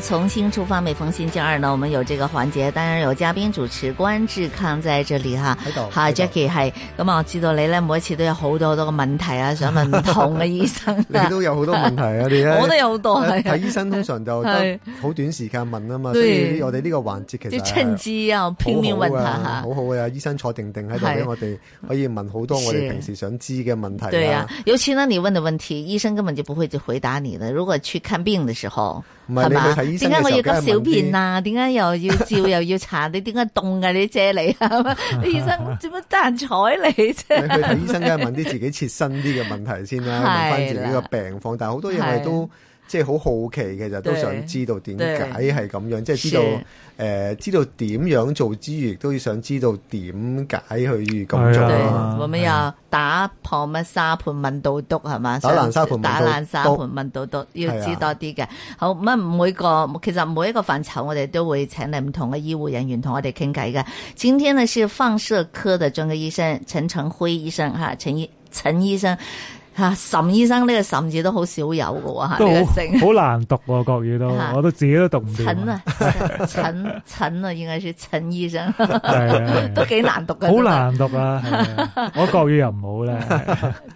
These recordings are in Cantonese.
重新出發，每逢星期二呢，我們有這個環節，當然有嘉賓主持，關志康在這裏哈。好、啊、，Jackie，嗨，咁、嗯、我知道你呢，每次都有好多好多嘅問題啊，想問唔同嘅醫生、啊。 你都有好多問題啊，你咧，我都有好多。但醫生通常就好 短時間問啊嘛，對所以我哋呢個環節其實趁機要拼命問吓，好好啊，醫生坐定定喺度俾我哋可以問好多我哋平時想知嘅問題、啊。對啊，尤其呢，你問的問題，醫生根本就不會去回答你的。如果去看病的時候。唔係吧你去睇醫生。點解我要急小便啊？點解又要照又要查？你點解凍嘅？你啲啫喱啊？你醫生點解得閒睬你？你去睇醫生梗係問啲自己切身啲嘅問題先啦、啊，吧問翻自己個病況。的但係好多嘢都。即係好好奇嘅，就都想知道點解係咁樣，即係知道誒是、呃，知道點樣做之餘，都想知道點解佢咁做。咁樣了打破乜沙盤問到篤係嘛。的的打爛沙盤問到篤，要知道多啲嘅。好，乜每個其實每一個範疇，我哋都會請你唔同嘅醫護人員同我哋傾偈嘅。今天呢是放射科嘅中嘅醫生岑承輝醫生，吓，陳醫陳醫生。吓，岑醫生呢個岑字都好少有嘅喎，姓好難讀喎國語都，我都自己都讀唔到。陳啊，陳陳啊，應該說陳醫生，都幾難讀嘅，好難讀啊！我國語又唔好咧。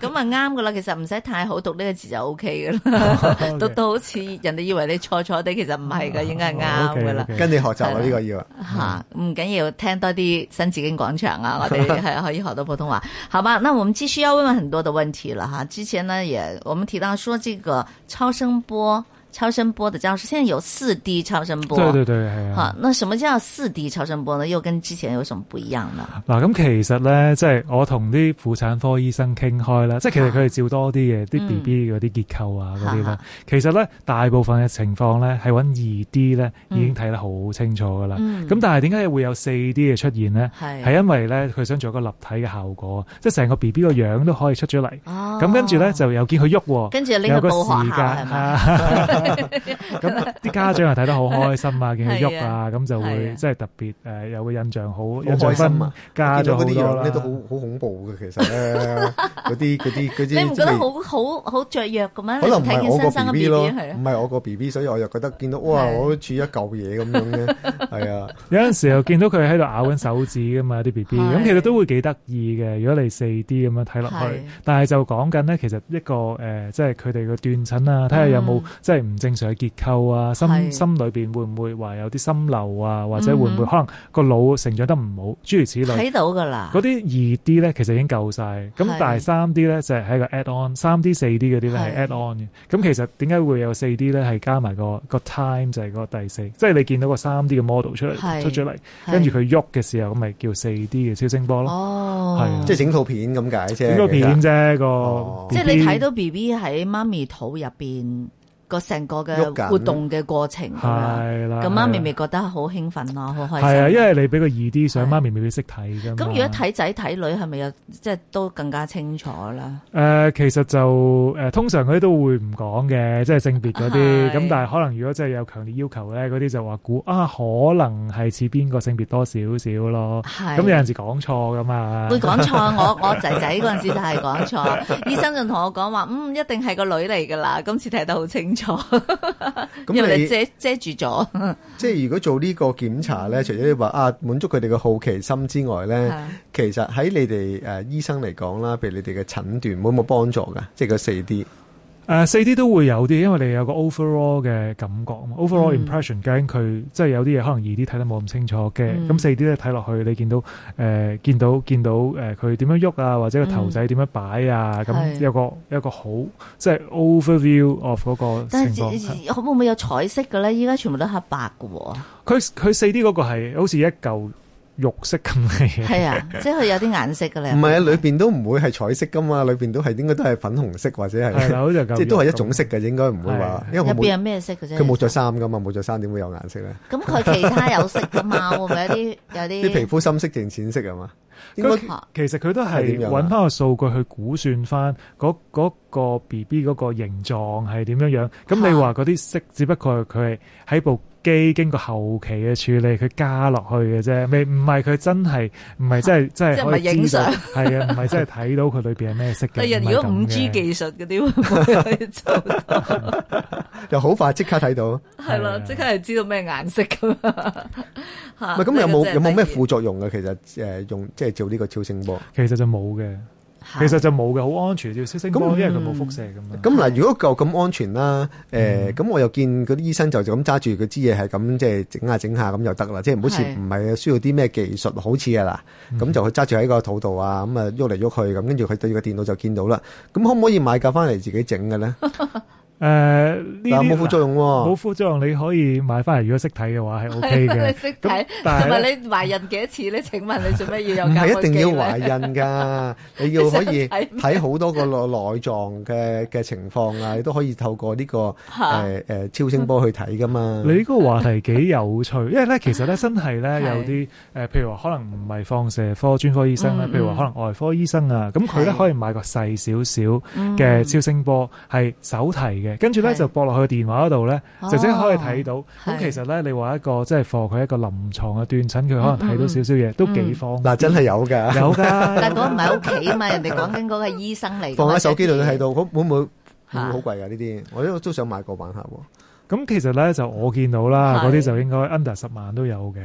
咁啊啱嘅啦，其實唔使太好讀呢個字就 O K 嘅啦，讀到好似人哋以為你錯錯地，其實唔係嘅，應該係啱嘅啦。跟你學習呢個要吓，唔緊要，聽多啲新字經廣場啊，我哋係可以學到普通話。好吧，那我們只需要問很多的問題啦，吓。之前呢，也我們提到說這個超聲波。超聲波的，即係現在有四 D 超聲波。對對對，係啊。好，那什麼叫四 D 超聲波呢？又跟之前有什麼不一樣呢？嗱，咁其實咧，即係我同啲婦產科醫生傾開啦，即係其實佢哋照多啲嘅啲 B B 嗰啲結構啊嗰啲啦。其實咧，大部分嘅情況咧係搵二 D 咧已經睇得好清楚噶啦。咁但係點解會有四 D 嘅出現咧？係，因為咧佢想做一個立體嘅效果，即係成個 B B 個樣都可以出咗嚟。咁跟住咧就又見佢喐，跟住有個時間係咁啲家長又睇得好開心啊，見佢喐啊，咁就會即係特別誒，有個印象好，印象分加咗啲藥啦，覺得好好恐怖嘅。其實咧，嗰啲啲啲你唔覺得好好好雀躍嘅咩？可能唔係我個 B B 咯，唔係我個 B B，所以我又覺得見到哇，好似一嚿嘢咁樣嘅，係啊，有陣時又見到佢喺度咬緊手指嘅嘛啲 B B，咁其實都會幾得意嘅。如果你四 D 咁樣睇落去，但係就講緊咧，其實一個誒，即係佢哋嘅斷診啊，睇下有冇即係。唔正常嘅結構啊，心心裏邊會唔會話有啲心漏啊，或者會唔會可能個腦成長得唔好？諸如此類。睇到噶啦。嗰啲二 D 咧，其實已經夠晒。咁但係三 D 咧就係一個 add on，三 D 四 D 嗰啲咧係 add on 嘅。咁其實點解會有四 D 咧？係加埋個個 time 就係個第四，即係你見到個三 D 嘅 model 出嚟出咗嚟，跟住佢喐嘅時候咁咪叫四 D 嘅超聲波咯。哦，係即係整套片咁解啫，片啫個。即係你睇到 B B 喺媽咪肚入邊個成個嘅活動嘅過程，咁媽咪咪覺得好興奮咯，好開心。係啊，因為你俾個二 D 相，媽咪未必識睇㗎。咁如果睇仔睇女係咪又即係都更加清楚啦？誒，其實就誒，通常佢都會唔講嘅，即係性別嗰啲。咁但係可能如果真係有強烈要求咧，嗰啲就話估啊，可能係似邊個性別多少少咯。係。咁有陣時講錯㗎嘛？會講錯，我我仔仔嗰陣時就係講錯，醫生就同我講話，嗯，一定係個女嚟㗎啦。今次睇得好清楚。錯，咁 你遮遮住咗你。即係如果做這個呢個檢查咧，嗯、除咗你話啊滿足佢哋嘅好奇心之外咧，是的 其實喺你哋誒、呃、醫生嚟講啦，譬如你哋嘅診斷有冇幫助啊？即係個四 D。誒四 D 都會有啲，因為你有個 overall 嘅感覺啊嘛。嗯、overall impression，驚佢即係有啲嘢可能二 D 睇得冇咁清楚嘅，咁四、嗯、D 咧睇落去你見到誒、呃、見到見到誒佢點樣喐啊，或者個頭仔點樣擺啊，咁、嗯、有一個有一個好即係、就是、overview of 嗰個。但係是是會唔會有彩色嘅咧？依家全部都黑白㗎喎。佢佢四 D 嗰個係好似一嚿。肉色咁嘅，係啊，即係佢有啲顏色嘅咧。唔係啊，裏邊都唔會係彩色噶嘛，裏邊都係應該都係粉紅色或者係，係啦，好似咁，即係都係一種色嘅，應該唔會話。入邊係咩色嘅啫？佢冇著衫噶嘛，冇著衫點會有顏色咧？咁佢其他有色噶嘛？會唔會有啲有啲？啲皮膚深色定淺色啊嘛？咁其實佢都係揾翻個數據去估算翻嗰嗰個 BB 嗰個形狀係點樣樣。咁你話嗰啲色，只不過佢係喺部。機經過後期嘅處理，佢加落去嘅啫，未唔係佢真係，唔係真係真係影相，係啊，唔係真係睇到佢裏邊係咩色嘅。第，如果五 G 技術嗰啲，就好快即刻睇到，係啦，即刻係知道咩顏色㗎嘛。唔，咁有冇有冇咩副作用嘅？其實誒用即係做呢個超聲波，其實就冇嘅。其實就冇嘅，好安全，叫聲聲咁，因為佢冇輻射咁、嗯、樣。咁嗱、嗯，如果夠咁安全啦，誒、呃，咁、嗯、我又見嗰啲醫生就咁揸住佢支嘢，係咁即係整下整下咁就得啦，即係唔好似唔係需要啲咩技術，好似啊啦咁就動動去揸住喺個肚度啊，咁啊喐嚟喐去咁，跟住佢對住個電腦就見到啦。咁可唔可以買架翻嚟自己整嘅咧？ 誒，呢啲冇副作用，冇副作用，你可以買翻嚟。如果識睇嘅話，係 OK 嘅。咁，但係唔係你懷孕幾多次咧？請問你做咩要有？唔係一定要懷孕噶，你要可以睇好多個內內臟嘅嘅情況啊，你都可以透過呢個誒誒超聲波去睇噶嘛。你呢個話題幾有趣，因為咧其實咧真係咧有啲誒，譬如話可能唔係放射科專科醫生咧，譬如話可能外科醫生啊，咁佢咧可以買個細少少嘅超聲波，係手提嘅。跟住咧就駁落去電話嗰度咧，即刻可以睇到。咁其實咧，你話一個即係 for 佢一個臨床嘅斷診，佢可能睇到少少嘢，都幾方便。嗱，真係有㗎，有㗎。但係唔係屋企啊嘛，人哋講緊嗰個醫生嚟。放喺手機度都睇到，會唔會好貴㗎呢啲？我都都想買個玩下喎。咁其實咧就我見到啦，嗰啲就應該 under 十萬都有嘅，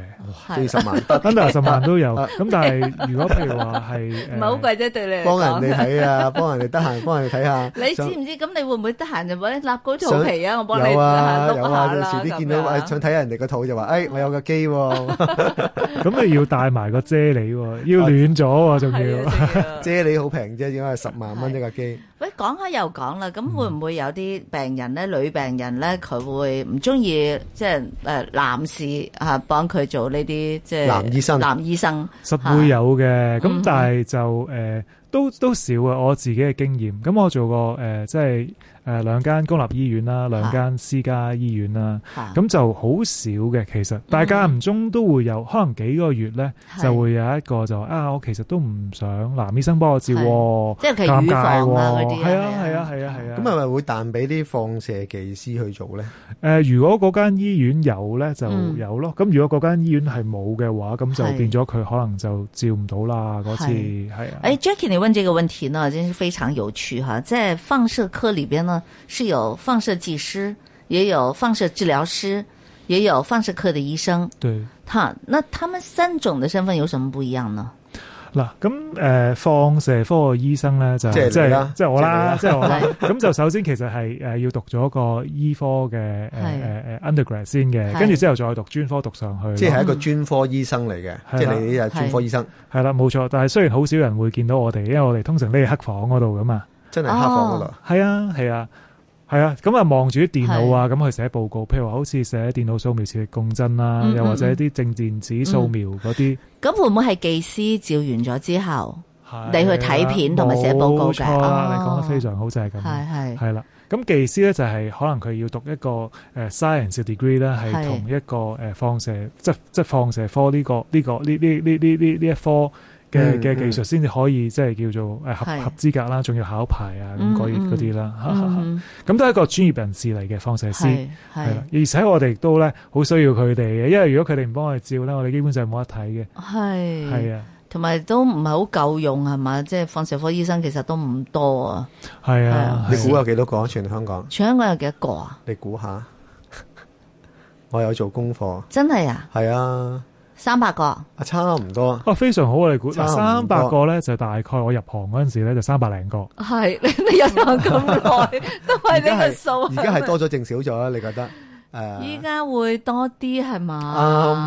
哇，即係十萬，under 十萬都有。咁但係如果譬如話係唔係好貴啫？對你嚟講，幫人哋睇啊，幫人哋得閒，幫人哋睇下。你知唔知？咁你會唔會得閒就揾立個肚皮啊？我幫你下碌下啦。有啊，有啊。遲啲見到想睇人哋個肚就話，誒，我有個機喎。咁你要帶埋個啫喱喎，要暖咗喎，仲要。啫喱好平啫，應該係十萬蚊一個機。喂，講下又講啦，咁會唔會有啲病人咧，女病人咧，佢會會唔中意，即係誒，男士吓，幫佢做呢啲即係男醫生，男醫生、啊、實會有嘅。咁、啊、但係就誒、呃，都都少啊。我自己嘅經驗，咁我做過誒、即、呃、係。誒兩間公立醫院啦，兩間私家醫院啦，咁就好少嘅。其實，大家唔中都會有，可能幾個月咧就會有一個就啊，我其實都唔想男醫生幫我照，即係其預防啊嗰啲。係啊係啊係啊係啊，咁係咪會彈俾啲放射技師去做咧？誒，如果嗰間醫院有咧就有咯。咁如果嗰間醫院係冇嘅話，咁就變咗佢可能就照唔到啦，嗰次係啊。Jacky，你問這個問題呢，真係非常有趣，即係放射科裏邊呢？是有放射技師，也有放射治療師，也有放射科的醫生。對，他，那他們三種的身份有什麼不一樣呢？嗱，咁、呃、誒，放射科嘅醫生咧就即係即係我啦，即係我啦。咁就首先其實係誒、呃、要讀咗個醫科嘅誒誒 undergrad 先嘅，跟住之後再讀專科讀上去，即係一個專科醫生嚟嘅，是的即係你係專科醫生，係啦，冇錯。但係雖然好少人會見到我哋，因為我哋通常匿喺黑房嗰度㗎嘛。真係黑房噶啦，係啊，係啊，係啊，咁啊，望住啲電腦啊，咁去寫報告，譬如話好似寫電腦掃描磁共振啦，又或者啲正電子掃描嗰啲。咁會唔會係技師照完咗之後，你去睇片同埋寫報告嘅？冇錯，你講得非常好，就係咁，係係係啦。咁技師咧就係可能佢要讀一個誒 Science degree 咧，係同一個誒放射即即放射科呢個呢個呢呢呢呢呢一科。嘅嘅技術先至可以即係叫做誒合合資格啦，仲要考牌啊咁嗰嗰啲啦，咁都係一個專業人士嚟嘅放射師，係啦，而且我哋都咧好需要佢哋嘅，因為如果佢哋唔幫我照咧，我哋基本上冇得睇嘅。係，係啊，同埋都唔係好夠用係嘛，即係放射科醫生其實都唔多啊。係啊，你估有幾多個？全香港？全香港有幾多個啊？你估下？我有做功課。真係啊？係啊。三百個啊，差唔多啊，非常好啊！你估三百個咧，就大概我入行嗰陣時咧，就三百零個。係你有 係你入行咁耐，都係呢個數。而家係多咗正少咗， 你覺得？依家會多啲係嘛？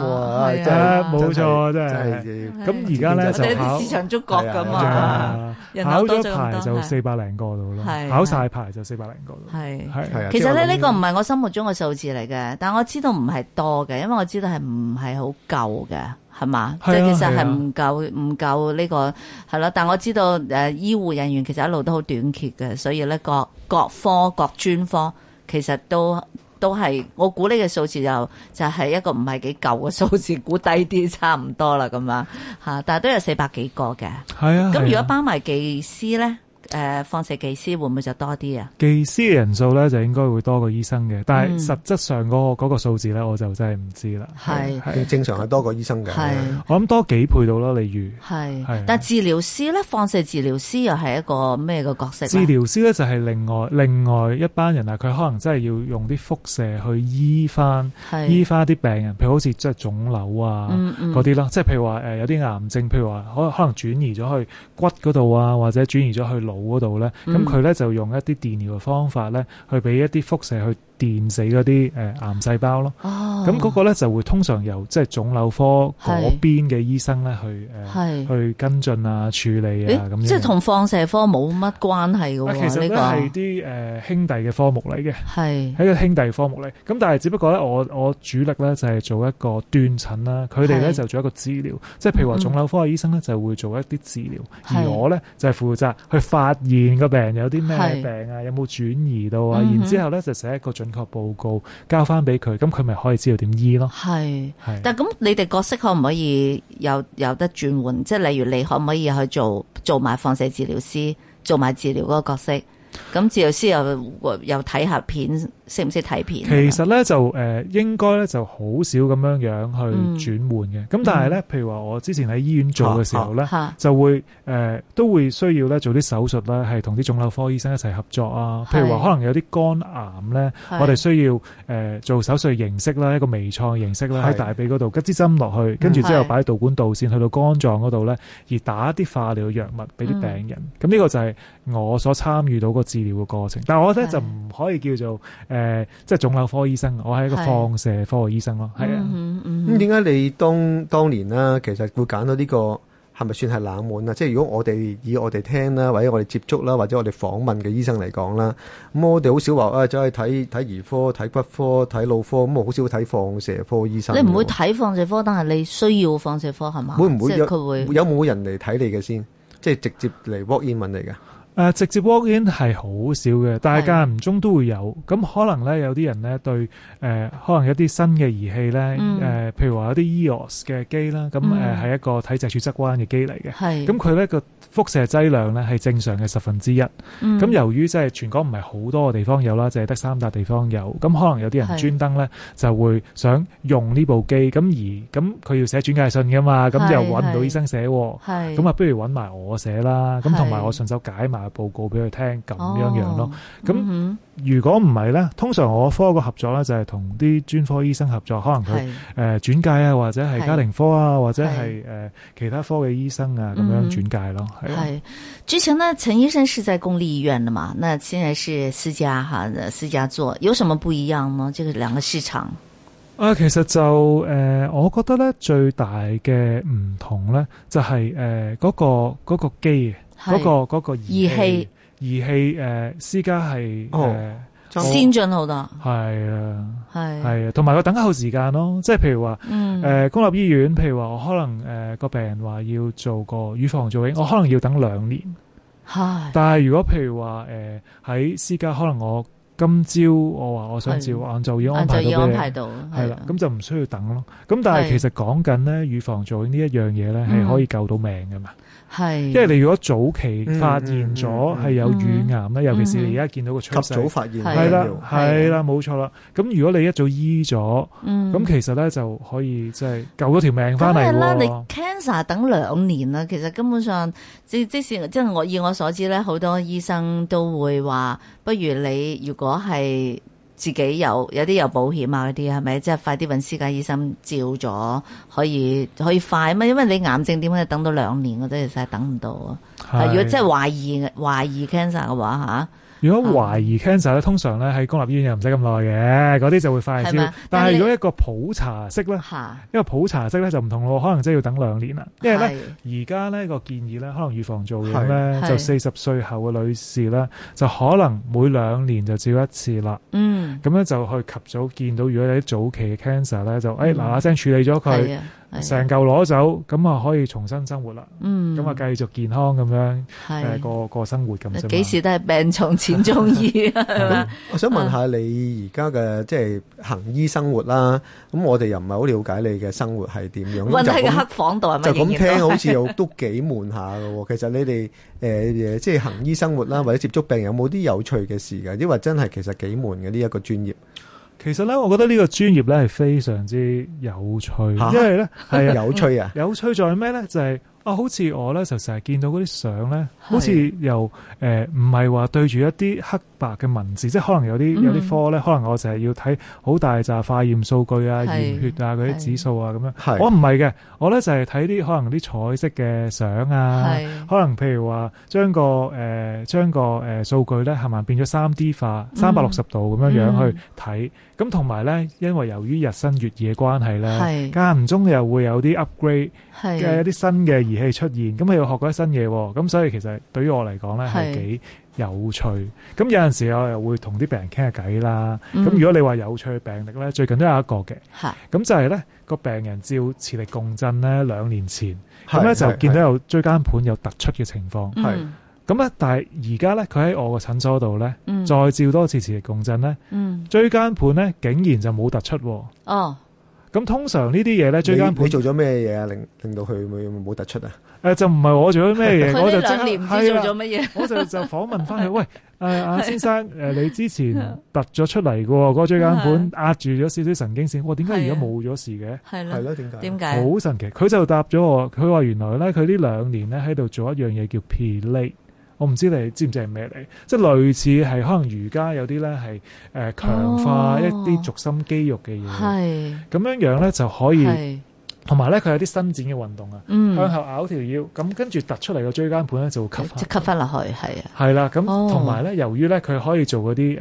冇錯，真係咁而家咧就市場觸覺咁啊，人口多排就四百零個度咯，考晒牌就四百零個咯。其實咧呢個唔係我心目中嘅數字嚟嘅，但我知道唔係多嘅，因為我知道係唔係好夠嘅，係嘛？即係其實係唔夠唔夠呢個係咯，但我知道誒醫護人員其實一路都好短缺嘅，所以咧各各科各專科其實都。都係，我估呢個數字就就係一個唔係幾舊嘅數字，估低啲差唔多啦咁樣，吓，但係都有四百幾個嘅，咁、係啊、如果包埋技師咧？誒，放射技師會唔會就多啲啊？技師嘅人數咧就應該會多過醫生嘅，但係實質上嗰個嗰個數字咧，我就真係唔知啦。係正常係多過醫生嘅。係我諗多幾倍到咯，例如係。但係治療師咧，放射治療師又係一個咩嘅角色？治療師咧就係另外另外一班人啊，佢可能真係要用啲輻射去醫翻醫翻啲病人，譬如好似即係腫瘤啊嗰啲啦，即係譬如話，誒有啲癌症，譬如話可可能轉移咗去骨嗰度啊，或者轉移咗去腦。嗰度咧，咁佢咧就用一啲電療嘅方法咧，去俾一啲輻射去，電死嗰啲誒癌細胞咯，咁嗰個咧就會通常由即係腫瘤科嗰邊嘅醫生咧去誒去跟進啊、處理啊咁樣。即係同放射科冇乜關係喎，其實都係啲誒兄弟嘅科目嚟嘅，係喺個兄弟科目嚟。咁但係只不過咧，我我主力咧就係做一個斷診啦，佢哋咧就做一個治療。即係譬如話腫瘤科嘅醫生咧就會做一啲治療，而我咧就係負責去發現個病人有啲咩病啊，有冇轉移到啊，然之後咧就寫一個正確報告交翻俾佢，咁佢咪可以知道點醫咯？係是，是但咁你哋角色可唔可以有有得轉換？即係例如你可唔可以去做做埋放射治療師，做埋治療嗰個角色？咁治療師又又睇下片。識唔識睇片？其實咧就誒應該咧就好少咁樣樣去轉換嘅。咁但係咧，譬如話我之前喺醫院做嘅時候咧，就會誒都會需要咧做啲手術咧，係同啲腫瘤科醫生一齊合作啊。譬如話可能有啲肝癌咧，我哋需要誒做手術形式咧，一個微創形式咧，喺大髀嗰度吉之針落去，跟住之後擺喺導管導線去到肝臟嗰度咧，而打一啲化療藥物俾啲病人。咁呢個就係我所參與到個治療嘅過程。但係我覺得咧就唔可以叫做誒。誒、呃，即係腫瘤科醫生，我係一個放射科嘅醫生咯，係啊是。咁點解你當當年啦，其實會揀到呢個係咪算係冷門啊？即係如果我哋以我哋聽啦，或者我哋接觸啦，或者我哋訪問嘅醫生嚟講啦，咁我哋好少話啊，走去睇睇兒科、睇骨科、睇腦科，咁我好少睇放射科醫生。你唔會睇放射科，但係你需要放射科係嘛？是會唔會即佢會有冇人嚟睇你嘅先？即係直接嚟 walk in 問你嚟嘅？誒直接 walk in 係好少嘅，間唔中都會有。咁可能咧有啲人咧對誒，可能有啲新嘅儀器咧，誒譬如話有啲 EOS 嘅機啦，咁誒係一個體脊柱側彎嘅機嚟嘅。咁佢呢個輻射劑量咧係正常嘅十分之一。咁由於即係全港唔係好多個地方有啦，淨係得三笪地方有。咁可能有啲人專登咧就會想用呢部機，咁而咁佢要寫轉介信㗎嘛，咁又搵唔到醫生寫，咁，啊不如搵埋我寫啦。咁同埋我順手解埋。報告俾佢聽咁樣樣咯。咁如果唔係咧，通常我科個合作咧就係同啲專科醫生合作，可能佢誒轉介啊，或者係家庭科啊，是或者係誒是、呃、其他科嘅醫生啊咁樣轉介咯。係、嗯、哼之前咧，陳醫生是在公立醫院嘅嘛，那現在是私家哈，私家做，有什麼不一樣呢？這個兩個市場啊、呃，其實就誒、呃，我覺得咧最大嘅唔同咧就係、是、誒、呃那個、那個機。嗰、那個嗰是個儀器儀器誒、呃，私家係、哦呃、先進好多，係我啊，係係啊，同埋個等候時間咯，即係譬如話誒、嗯呃、公立醫院，譬如話我可能誒、呃、個病人話要做個乳房造影，我可能要等兩年，是但係如果譬如話誒喺私家，可能我。今朝我話我想照晏晝要安排到，晏晝要安排到，係啦，咁就唔需要等咯。咁但係其實講緊咧，預防做呢一樣嘢咧，係可以救到命嘅嘛。係，因為你如果早期發現咗係有乳癌咧，尤其是你而家見到個趨勢，及早發現係啦，係啦，冇錯啦。咁如果你一早醫咗，咁其實咧就可以即係救咗條命翻嚟。梗係啦，你 cancer 等兩年啦，其實根本上即即使即係我以我所知咧，好多醫生都會話。不如你如果係自己有有啲有保險啊嗰啲係咪？即係、就是、快啲揾私家醫生照咗，可以可以快啊嘛！因為你癌症點解等到兩年？我都其實係等唔到啊！是如果真係懷疑懷疑 cancer 嘅話吓。如果懷疑 cancer 咧、嗯，通常咧喺公立醫院又唔使咁耐嘅，嗰啲就會快啲。嗎但係如果一個普查式咧，啊、一個普查式咧就唔同咯，可能真係要等兩年啦。是因為咧而家呢個建議咧，可能預防做嘢咧就四十歲後嘅女士咧，就可能每兩年就照一次啦。嗯，咁咧就去及早見到，如果你早期嘅 cancer 咧就誒嗱嗱聲處理咗佢。成嚿攞走，咁啊可以重新生活啦。嗯，咁啊繼續健康咁樣，誒過過生活咁。幾時都係病從淺中醫。我想問下你而家嘅即係行醫生活啦。咁我哋又唔係好了解你嘅生活係點樣。混喺個黑房度係咪，就咁聽，好似又都幾悶下喎。其實你哋誒即係行醫生活啦，或者接觸病人有冇啲有趣嘅事嘅？抑或真係其實幾悶嘅呢一個專業？其實咧，我覺得呢個專業咧係非常之有趣，蛤因為咧係啊，有趣啊，有趣在咩咧？就係、是。啊，好似我咧就成日見到嗰啲相咧，好似又誒唔係話對住一啲黑白嘅文字，即係可能有啲有啲科咧，可能我成日要睇好大紮化驗數據啊、驗血啊嗰啲指數啊咁樣。我唔係嘅，我咧就係睇啲可能啲彩色嘅相啊，可能譬如話將個誒將個誒數據咧係咪變咗三 D 化三百六十度咁樣樣去睇？咁同埋咧，因為由於日新月異嘅關係咧，間唔中又會有啲 upgrade 嘅一啲新嘅。係出現咁佢又學過一新嘢，咁所以其實對於我嚟講咧係幾有趣。咁有陣時候我又會同啲病人傾下偈啦。咁、嗯、如果你話有趣嘅病歷咧，最近都有一個嘅。係咁是就係咧個病人照磁力共振咧兩年前咁咧是就見到有椎間盤有突出嘅情況。係咁咧，是但係而家咧佢喺我個診所度咧，嗯、再照多次磁力共振咧，椎間盤咧竟然就冇突出。哦。咁通常呢啲嘢咧，椎間盤做咗咩嘢啊？令令到佢冇冇突出啊？誒就唔係我做咗咩嘢，我就真係唔知做咗乜嘢，我就就訪問翻佢。喂，誒阿先生，誒你之前突咗出嚟嘅喎，個椎間盤壓住咗少少神經線。我點解而家冇咗事嘅？係啦，係咯，點解？點解？好神奇！佢就答咗我，佢話原來咧，佢呢兩年咧喺度做一樣嘢叫 ptides。我唔知你知唔知係咩嚟，即係類似係可能瑜伽有啲咧係誒強化一啲軸心肌肉嘅嘢，咁樣樣咧就可以，同埋咧佢有啲伸展嘅運動啊，向後拗條腰，咁跟住突出嚟嘅椎間盤咧就會吸翻，吸翻落去，係啊，係啦，咁同埋咧由於咧佢可以做嗰啲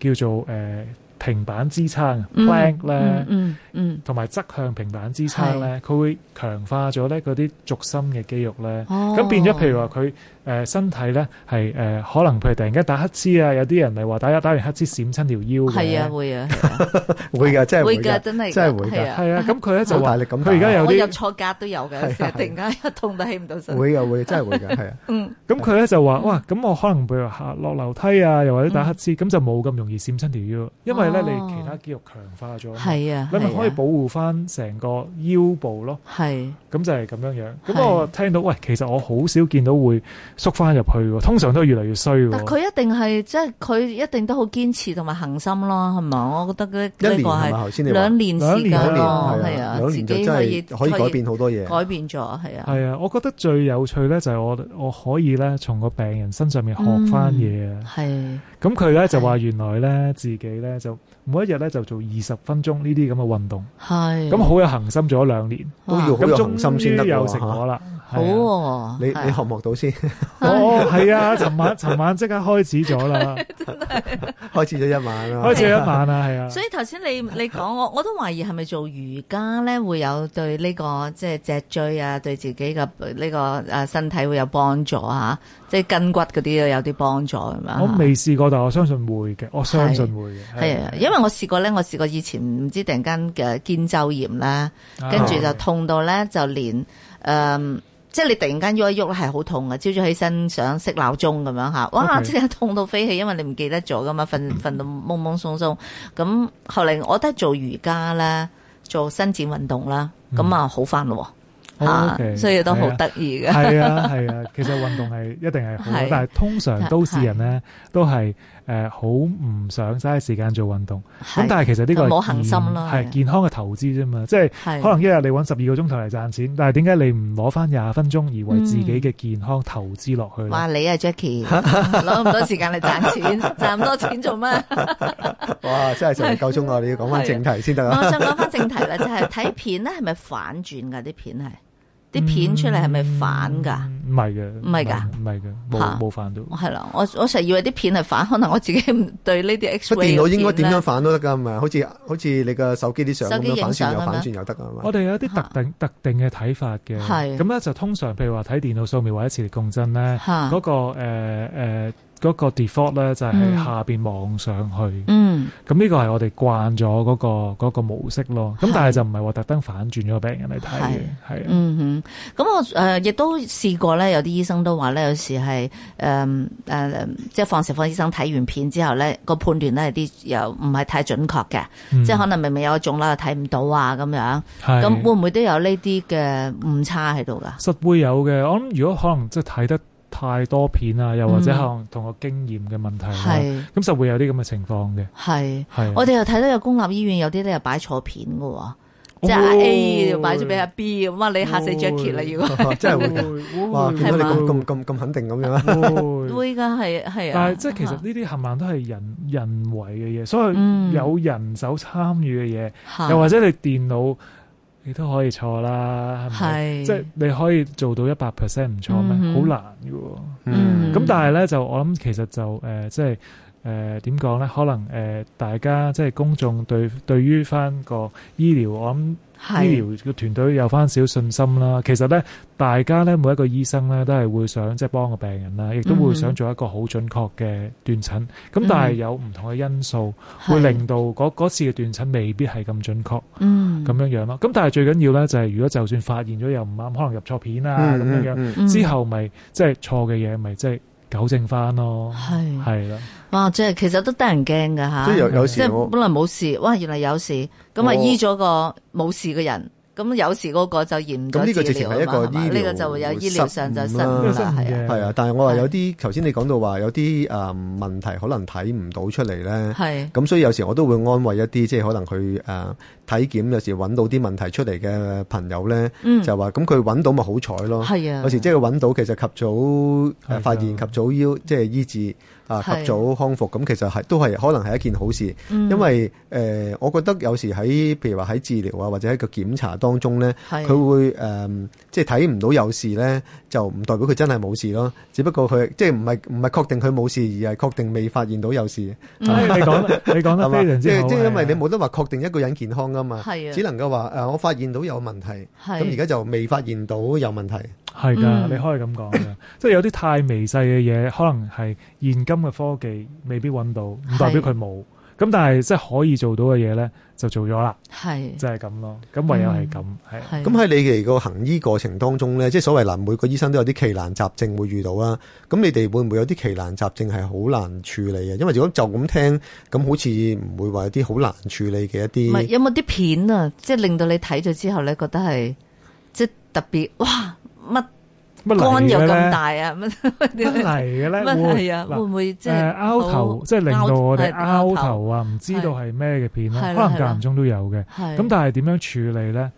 誒叫做誒平板支撐 （plank） 咧，嗯嗯，同埋側向平板支撐咧，佢會強化咗咧嗰啲軸心嘅肌肉咧，咁變咗譬如話佢。誒，身體咧係誒，可能譬如突然間打乞嗤啊，有啲人咪話打一打完乞嗤閃親條腰嘅。係啊，會啊，會噶，真係會噶，真係會噶。係啊，咁佢咧就話，佢而家有啲入錯格都有嘅，突然間一痛都起唔到身。會噶會，真係會噶，係啊。嗯，咁佢咧就話，哇，咁我可能譬如下落樓梯啊，又或者打乞嗤，咁就冇咁容易閃親條腰，因為咧你其他肌肉強化咗，係啊，你咪可以保護翻成個腰部咯。係，咁就係咁樣樣。咁我聽到，喂，其實我好少見到會。縮翻入去，通常都係越嚟越衰。但佢一定係，即係佢一定都好堅持同埋恒心咯，係嘛？我覺得呢個係兩年時間咯，係啊，自己、啊、可以可以改變好多嘢，改變咗，係啊。係啊，我覺得最有趣咧就係我我可以咧從個病人身上面學翻嘢啊。係、嗯。咁佢咧就話原來咧自己咧就每一日咧就做二十分鐘呢啲咁嘅運動。係是。咁好是有恒心，做咗兩年，都要好有恒心先得有成果吓。好，你你學唔學到先？哦，係啊，尋晚尋晚即刻開始咗啦，開始咗一晚啦，開始咗一晚啦，係啊。所以頭先你你講我，我都懷疑係咪做瑜伽咧會有對呢個即係脊椎啊，對自己嘅呢個誒身體會有幫助啊，即係筋骨嗰啲有啲幫助係嘛？我未試過，但我相信會嘅，我相信會嘅。係啊，因為我試過咧，我試過以前唔知突然間嘅肩周炎啦，跟住就痛到咧，就連誒。即係你突然間喐一喐咧，係好痛嘅。朝早起身想熄 e t 鬧鐘咁樣吓，哇！即係 Okay. 痛到飛起，因爲你唔記得咗噶嘛，瞓瞓到懵懵鬆鬆。咁後嚟我覺得做瑜伽咧，做伸展運動啦，咁啊好翻咯，吓，所以都好得意嘅。係啊係啊，啊，其實運動係一定係好， 啊、但係通常都市人咧都係。誒，好唔、呃、想嘥時間做運動，咁是但係其實呢個冇恆心咯，係健康嘅投資啫嘛，的即係可能一日你揾十二個鐘頭嚟賺錢，的但係點解你唔攞翻廿分鐘而為自己嘅健康投資落去咧、嗯？哇！你啊，Jackie，攞咁多時間嚟賺錢， 賺咁多錢做咩？ 哇！真係仲未夠鍾喎，的你要講翻正題先得啦。我想講翻正題啦，就係、是、睇片咧，係咪反轉㗎啲片係？啲片出嚟係咪反㗎？唔係嘅，唔係㗎，唔係嘅，冇冇反到。係啦，我我成日以為啲片係反，可能我自己唔對呢啲 X 光。部電腦應該點樣反都得㗎？係咪好似好似你個手機啲相咁樣反轉又反轉又得㗎嘛？我哋有啲特定特定嘅睇法嘅。係。咁咧就通常譬如話睇電腦掃描或者磁力共振咧，嗰個誒嗰個 default 咧就係、是、下面望上去，嗯，咁呢個係我哋慣咗嗰、嗰個嗰、嗰個、模式咯。咁是但係就唔係話特登反轉咗病人嚟睇嘅，係是，啊、嗯哼。咁我誒亦、呃、都試過咧，有啲醫生都話咧，有時係誒誒，即係放射科醫生睇完片之後咧，個判斷咧有啲又唔係太準確嘅，嗯、即係可能明明有個腫瘤睇唔到啊咁樣。咁是會唔會都有呢啲嘅誤差喺度噶？實會有嘅。我諗如果可能即係睇得太多片啊，又或者可能同個經驗嘅問題，咁就會有啲咁嘅情況嘅。係，係，我哋又睇到有公立醫院有啲咧又擺錯片嘅喎，即係 A 擺咗俾阿 B，哇你嚇死 Jackie 啦要，真係哇見到你咁咁咁咁肯定咁樣，會㗎係係啊。但係即係其實呢啲冚唪唥都係人人為嘅嘢，所以有人手參與嘅嘢，又或者你電腦。你都可以錯啦，係咪？即係是你可以做到一百 percent 唔錯咩？好、嗯、哼難嘅喎。咁、嗯、哼但係咧，就我諗其實就誒，即係誒點講咧？可能誒、呃、大家即係、就是、公眾對對於翻個醫療，我諗。醫是療嘅團隊有翻少少信心啦，其實咧，大家咧每一個醫生咧都係會想即係、就是、幫個病人啦，亦都會想做一個好準確嘅斷診。咁、嗯、但係有唔同嘅因素，是會令到嗰次嘅斷診未必係咁準確。咁、嗯、樣樣咯。咁但係最緊要咧，就係如果就算發現咗又唔啱，可能入錯片啊咁、嗯、樣，嗯、之後咪即係錯嘅嘢咪即係。糾正翻咯，係係啦，是的哇！即係其實都得人驚㗎吓。事即係有有時本來冇事，哇！原來有事，咁啊醫咗個冇事嘅人。哦。咁有時嗰個就延咗治療嘛，呢個直情係一個醫、啊、呢個就會有醫療上就失誤啦。係啊，係啊，啊但係我話有啲頭先你講到話有啲誒是的 問題可能睇唔到出嚟咧。係，咁所以有時我都會安慰一啲，即係可能佢誒體檢有時揾到啲問題出嚟嘅朋友咧，嗯、就話咁佢揾到咪好彩咯。係啊，有時即係揾到其實及早發現是的 及早要即係醫治。啊，及早康復咁，是其實係都係可能係一件好事，嗯、因為誒、呃，我覺得有時喺譬如話喺治療啊，或者喺個檢查當中咧，佢是會誒、呃，即係睇唔到有事咧，就唔代表佢真係冇事咯。只不過佢即係唔係唔係確定佢冇事，而係確定未發現到有事。嗯、 你講你講得非常之好，吧即係即係因為你冇得話確定一個人健康啊嘛，的只能夠話、呃、我發現到有問題，咁而家就未發現到有問題。係噶，你可以咁講噶，嗯、即係有啲太微細嘅嘢， 可能係現今嘅科技未必搵到，唔代表佢冇。咁是但係即係可以做到嘅嘢咧，就做咗啦。係是，即係咁咯。咁唯有係咁。係、嗯。咁喺的你哋個行醫過程當中咧，即係所謂嗱，每個醫生都有啲奇難雜症會遇到啦。咁你哋會唔會有啲奇難雜症係好難處理嘅？因為如果就咁聽，咁好似唔會話有啲好難處理嘅一啲。唔係有冇啲片啊？即係令到你睇咗之後咧，覺得係即係特別哇！乜乜肝有咁大啊！乜乜嚟嘅咧？會會唔會即係拗頭？即係令到我哋拗頭啊？唔知道係咩嘅片咧？可能間唔中都有嘅。咁但係點樣處理咧？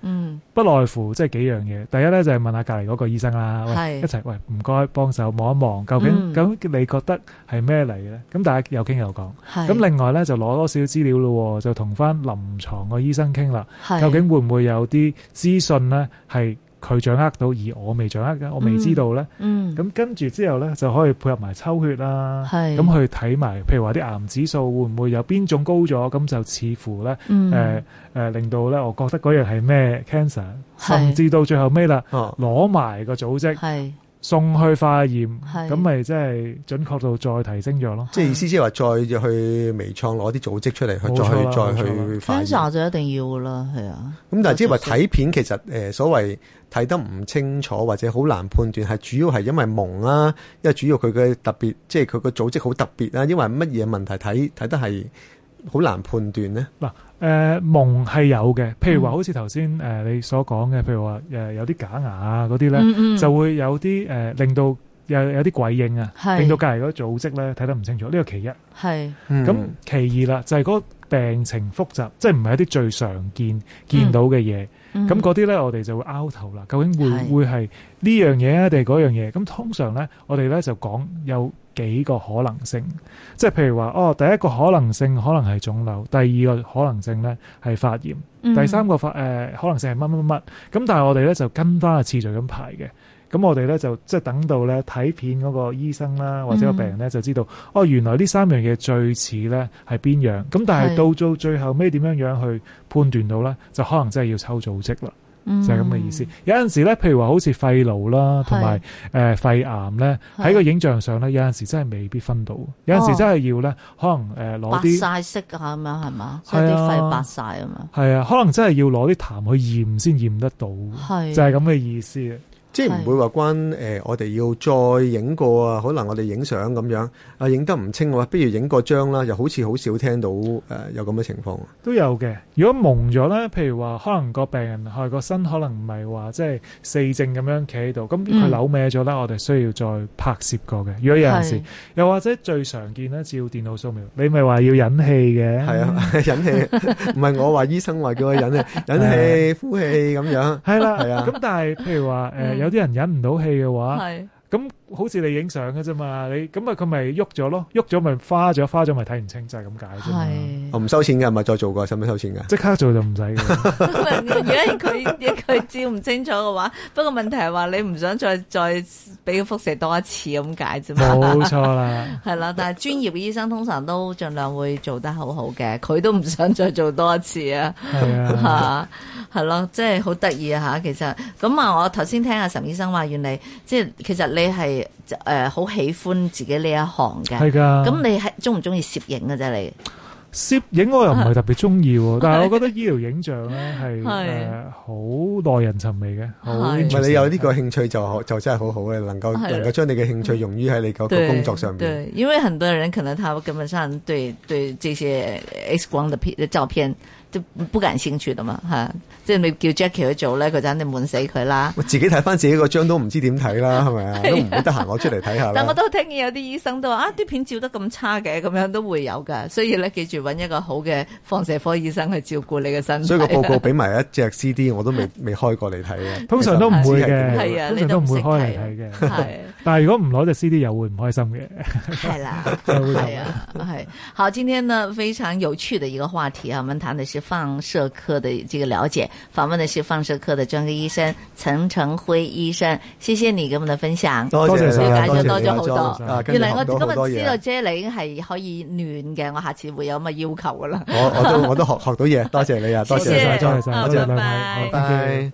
不外乎即係幾樣嘢。第一咧就係問下隔籬嗰個醫生啦。喂，一齊喂，唔該幫手望一望，究竟咁你覺得係咩嚟嘅咧？咁大家又傾又講。咁另外咧就攞多少資料咯，就同翻臨床嘅醫生傾啦。究竟會唔會有啲資訊咧係？佢掌握到，而我未掌握嘅，我未知道咧。咁跟住之後咧，就可以配合埋抽血啦，咁去睇埋，譬如話啲癌指數會唔會有邊種高咗？咁就似乎咧，誒誒令到咧，我覺得嗰樣係咩 cancer，甚至到最後尾啦，攞埋個組織。送去化驗，咁咪即係準確度再提升咗咯。即係意思即係話再去微創攞啲組織出嚟的去再的再去化驗就一定要啦，係啊。咁但係即係話睇片其實、誒、所謂睇得唔清楚或者好難判斷係主要係因為蒙啊，因為主要佢嘅特別即係佢個組織好特別啊，因為乜嘢問題睇睇得係。好難判斷咧。嗱，誒夢係有嘅。譬如話，好似頭先誒你所講嘅，譬如話誒有啲假牙啊嗰啲咧，就會有啲誒令到有有啲鬼影啊，令到隔離嗰組織咧睇得唔清楚。呢個其一。係。咁其二啦，就係嗰個病情複雜，即係唔係一啲最常見見到嘅嘢。咁嗰啲咧，我哋就會拗頭啦。究竟會會係呢樣嘢啊定係嗰樣嘢？咁通常咧，我哋咧就講有幾個可能性，即係譬如話，哦，第一個可能性可能係腫瘤，第二個可能性咧係發炎，嗯、第三個發誒、呃、可能性係乜乜乜咁。但係我哋咧就跟翻個次序咁排嘅，咁我哋咧就即係等到咧睇片嗰個醫生啦，或者個病人咧就知道，嗯、哦，原來呢三樣嘢最似咧係邊樣？咁但係到到最後尾點樣樣去判斷到咧，是就可能真係要抽組織啦。嗯、就係咁嘅意思。有陣時咧，譬如話好似肺癆啦，同埋誒肺癌咧，喺個是影像上咧，有陣時真係未必分到。有陣時真係要咧，哦、可能誒攞啲白晒色啊咁樣係嘛？有啲肺白晒，咁樣。係啊，可能真係要攞啲痰去驗先驗得到，是就係咁嘅意思即係唔會話關誒、呃，我哋要再影過啊？可能我哋影相咁樣啊，影得唔清嘅話，不如影個張啦。又好似好少聽到誒、呃、有咁嘅情況。都有嘅，如果矇咗咧，譬如話，可能個病人佢個身可能唔係話即係四正咁樣企喺度，咁佢扭歪咗啦，嗯、我哋需要再拍攝過嘅。如果有陣時，是又或者最常見呢，照電腦掃描，你咪話要忍氣嘅。係啊，忍氣唔係 我話， 醫生話叫佢忍氣、忍氣、呃、氣、呼氣咁樣。係啦，係啊。咁但係譬如話有啲人忍唔到氣嘅話，係咁。是好似你影相嘅啫嘛，你咁啊，佢咪喐咗咯，喐咗咪花咗，花咗咪睇唔清，就係咁解啫。係是我唔收錢嘅，咪再做過，使唔使收錢嘅？即刻做就唔使。 如果佢佢照唔清楚嘅話，不過問題係話你唔想再再俾個輻射多一次咁解啫。冇錯啦。係啦， 但係專業嘅醫生通常都盡量會做得好好嘅，佢都唔想再做多一次啊。係啊，係咯， 即係好得意啊吓，其實咁啊，我頭先聽阿岑醫生話，原來即係其實你係。誒，好、嗯、喜歡自己呢一行嘅，係噶的。咁你係中唔中意攝影嘅啫？你攝影我又唔係特別中意，啊、但係我覺得醫療影像咧，係好耐人尋味嘅，唔係的的你有呢個興趣就就真係好好嘅，能夠能夠將你嘅興趣融於喺你嗰個工作上面。對，因為很多人可能他根本上對對這些 X 光的，片的照片。都不敢清楚嘛吓、啊，即係你叫 Jackie 去做咧，佢就肯定悶死佢啦。自己睇翻自己個張都唔知點睇啦，係咪 啊？都唔會得閒攞出嚟睇下。 但我都聽見有啲醫生都話啊，啲片照得咁差嘅，咁樣都會有噶。所以咧，記住揾一個好嘅放射科醫生去照顧你嘅身體。所以個報告俾埋一隻 C D，我都未未開過嚟睇嘅。通常都唔會嘅，通常都唔會開嚟睇嘅。 但係如果唔攞隻 CD 又會唔開心嘅，係啦，係啊，係。好，今天呢非常有趣的一個話題啊，我們談的是放射科的這個了解，訪問的是放射科的專科醫生岑承輝醫生，謝謝你給我們的分享，多謝多謝多謝，多謝。啊，原來我今日知道啫喱係可以暖嘅，我下次會有咁嘅要求噶啦。我我都我都學學到嘢，多謝你啊，多謝晒，多謝晒，多謝，拜拜，拜拜。